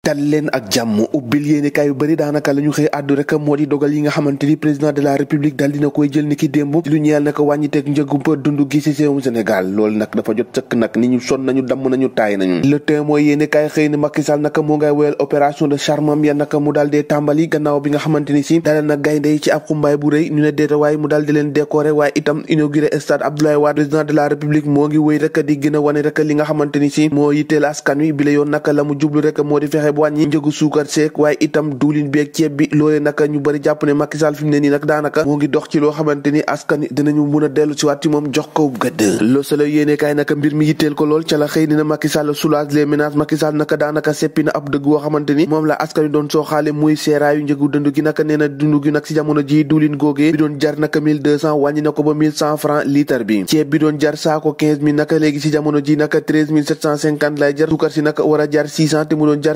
dal leen ak jàmm ubbil yéenekaay bari daanaka la xëy àddu rek moo di dogal yi nga xamante président de la république dal dina koy jël ni ki démb lu ñeel naka wàññiteeg njëgu pa dund gi ci séewum Sénégal loolu nag dafa jot sëkk nag ni ñu son damm nañu taay nañu le témoin yéenekaay xëy na Macky naka moo ngay woyal opération de charmam ya naka mu daal dee tàmbali gannaaw bi nga xamante si dalee nag gaynde yi ci ab xumbaay bu rëy ñu ne a wane rek li nga xamante ni si moo yitteel askan fexe waaye itam duulin bi ceeb bi loolee naka ñu bëri jàpp ne Macky Sall ne nii nag daanaka moo ngi dox ko gëdd Le Soleil yéene naka mbir mi yitteel ko lool ca xëy dina naka daanaka seppi na ab dëgg woo xamante moom la askan wi doon sooxaale muy seeraayu njëgu dund gi naka nee na dund gi nag jamono ji duulin googee bi doon jar naka mille deux cent wàññi na ko mille cent franc litre bi ceeb bi doon jar saako quinze mille naka léegi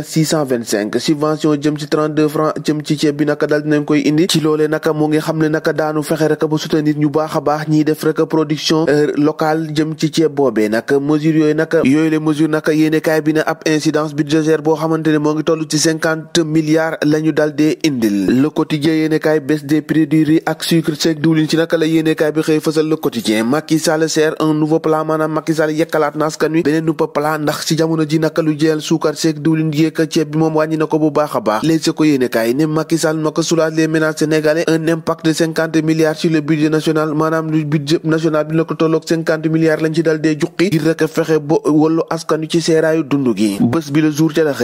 si 625 subvention jëm ci 32 francs jëm ci ceeb bi naka daal dinañ koy indi ci loolee naka moo ngi xam naka daanu fexe rek ba soutenir ñu baax a baax ñiy def rek production euh, locale jëm ci ceeb boobee nag mesure yooyu naka yooyu la mesure naka yéene kaay bi ne ab incidence budgétaire boo xamante moo ngi toll ci cinquante milliards la ñu dee indil le quotidien yéene kaay des prix ak sucre sec diwlin ci naka la yéene kaay bi xëy fësal le ceeb bi moom wàññi na ko bu baax a baax Les Échos yéenekaay ne Macky Sall ma ko soulager les ménages sénégalais un impact de cinquante milliards sur le budget national maanaam lu budget national bi la ko tolloog cinquante milliards lañ ci dal dee juqi ngir rek fexe dund gi bés bi la jour ca la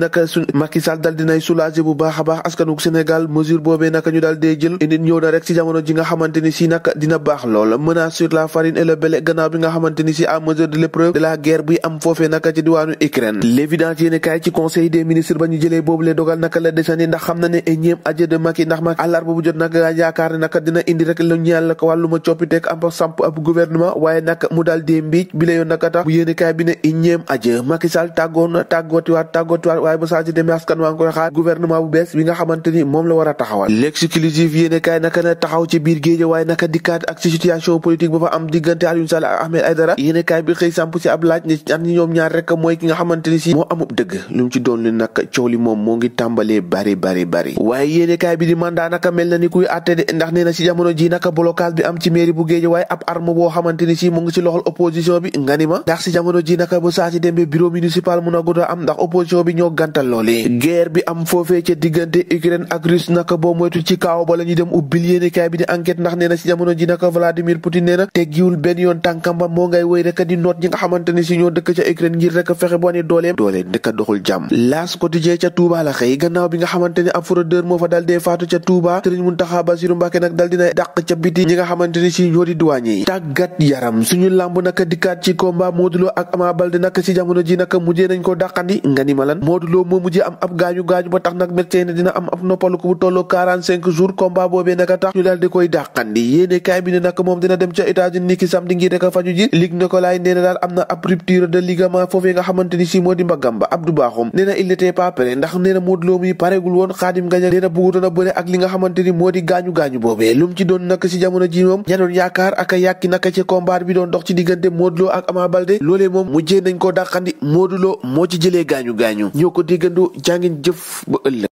na su Macky dinay soulager bu baax a baax askanu Sénégal mesure boobee naka ñu dal dee jël indi ñëw na rek si jamono ji nga xamante ni si naka dina baax lool menace sur la farine et le blé gannaaw bi nga xamante ni si à mesure de l'épreuve de la guerre bi am l'évidence yéen kaay ci conseil des ministres ba ñu jëlee boobu le dogal naka la desandi ndax xam na ne énième aje de Macky ndax Macky àllarba la ko wàlluma coppiteeg am samp ab gouvernement waaye nag mu daal bu yéen kaay bi ne énième aje Macky Sall tàggoon na tàggootiwaat a naka taxaw ci biir géej waaye naka dikkaat ak situation politique ba fa am diggante Aliou Sall ak Ahmed Aïdara yéen kaay bi xëy samp ci ab laaj ne ñoom ñaar rek mooy ki nga ci moo amub dëgg lu ci doon li nag coow li moom moo ngi tàmbalee bari bari bari waaye yéenekaay bi di mandat naka mel na ni kuy àtte de ndax nee ci jamono ji naka a Vladimir Poutine nee na teggiwul benn yoon tànkam moo ngay wéy rek di noot ñi nga xamante ni ñoo dëkk ca Ukraine ngir rek fexe bu wane dooleem doole dëkk doxul jàmm laas quotidien ca Touba la xëy gannaaw bi nga xamante ne ab fraudeur moo fa dal dee faatu ca Touba Sëriñ nag dal nañ ko dàqandi nga ni ma lan Modou Lo moo mujjee am ab gaañu gaañu ba tax nag médecin ne dina am ab noppalu ko bu tolloo quarante cinq jours combat boobee naka tax ñu daal koy dàqandi yéene kaay bi naka moom dina dem ca États-Unis ki samedi ngir rek a faju ji Luc Nicolaï nee daal am na ab rupture de ligament foofee nga Demba Gamba Abdou Bakhoum nee na il n'était pas prêt ndax nee na Modou Lo mi paregul woon Khadim Gagnac nee na bëggutoon a bëre ak li nga xamante moo di gaañu-gaañu boobee lu ci doon nak ci jamono ji moom ña doon yaakaar ak a yàkki naka ci combat bi doon dox ci diggante Modou ak Ama Baldé loolee moom mujjee nañ ko dàqandi Modou moo ci jëlee gaañu-gaañu ñoo ko déggandoo jàngeen jëf ba ëllëg